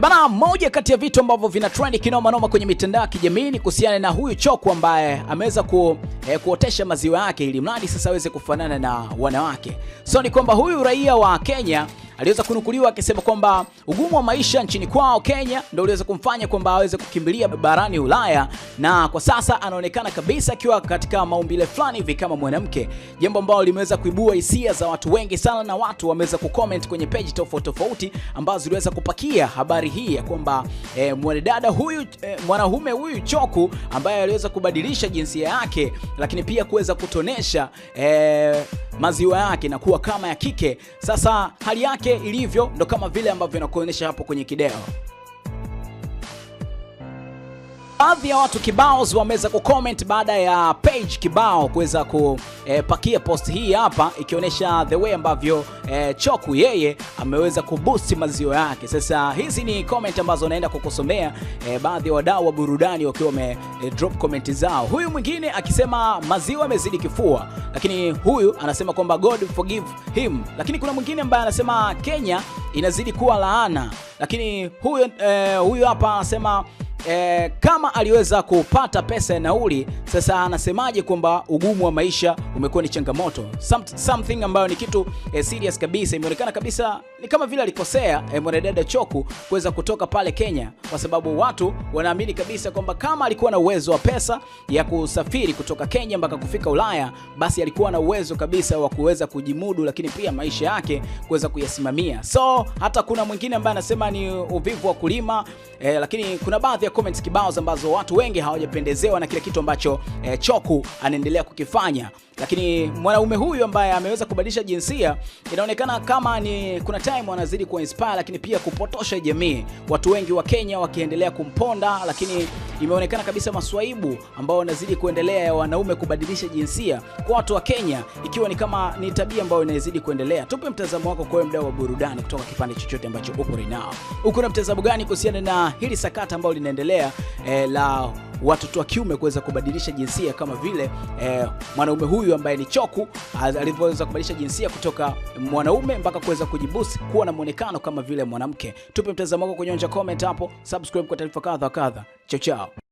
Ebana, eh, moja kati ya vitu ambavyo vina trend kinoma noma kwenye mitandao ya kijamii ni kuhusiana na huyu Choku ambaye ameweza ku, eh, kuotesha maziwa yake ili mradi sasa aweze kufanana na wanawake. So ni kwamba huyu raia wa Kenya aliweza kunukuliwa akisema kwamba ugumu wa maisha nchini kwao Kenya ndio uliweza kumfanya kwamba aweze kukimbilia barani Ulaya, na kwa sasa anaonekana kabisa akiwa katika maumbile fulani hivi kama mwanamke, jambo ambalo limeweza kuibua hisia za watu wengi sana, na watu wameweza kucomment kwenye page tofauti tofauti ambazo ziliweza kupakia habari hii ya kwamba e, mwanadada huyu e, mwanaume huyu Choku ambaye aliweza kubadilisha jinsia yake, lakini pia kuweza kutonesha e, maziwa yake inakuwa kama ya kike. Sasa hali yake ilivyo ndo kama vile ambavyo inakuonyesha hapo kwenye kideo. Baadhi ya watu kibao wameweza kucomment baada ya page kibao kuweza kupakia eh, post hii hapa ikionyesha the way ambavyo eh, Choku yeye ameweza kuboost mazio yake. Sasa hizi ni comment ambazo naenda kukusomea eh, baadhi ya wadau wa burudani wakiwa wame eh, drop comment zao. Huyu mwingine akisema maziwa yamezidi kifua, lakini huyu anasema kwamba God forgive him, lakini kuna mwingine ambaye anasema Kenya inazidi kuwa laana, lakini huyu eh, huyu hapa anasema e, kama aliweza kupata pesa ya nauli, sasa anasemaje kwamba ugumu wa maisha umekuwa ni changamoto Some, something ambayo ni kitu e, serious kabisa. Imeonekana kabisa ni kama vile alikosea e, mwanadada Choku kuweza kutoka pale Kenya, kwa sababu watu wanaamini kabisa kwamba kama alikuwa na uwezo wa pesa ya kusafiri kutoka Kenya mpaka kufika Ulaya, basi alikuwa na uwezo kabisa wa kuweza kujimudu, lakini pia maisha yake kuweza kuyasimamia. So hata kuna mwingine ambaye anasema ni uvivu wa kulima e, lakini kuna baadhi tumeangalia comments kibao ambazo watu wengi hawajapendezewa na kile kitu ambacho eh, Choku anaendelea kukifanya. Lakini mwanaume huyu ambaye ameweza kubadilisha jinsia, inaonekana kama ni kuna time anazidi kuinspire, lakini pia kupotosha jamii, watu wengi wa Kenya wakiendelea kumponda, lakini imeonekana kabisa maswaibu ambao wanazidi kuendelea ya wanaume kubadilisha jinsia kwa watu wa Kenya, ikiwa ni kama ni tabia ambayo inazidi kuendelea. Tupe mtazamo wako kwa mdau wa burudani kutoka kipande chochote ambacho uko rinao Uko na mtazamo gani kuhusiana na hili sakata ambayo linaendelea eh, la watoto wa kiume kuweza kubadilisha jinsia kama vile eh, mwanaume huyu ambaye ni Choku alivyoweza kubadilisha jinsia kutoka mwanaume mpaka kuweza kujibusi kuwa na muonekano kama vile mwanamke. Tupe mtazamo wako kwenye comment hapo, subscribe kwa taarifa kadha kadha. Chao chao.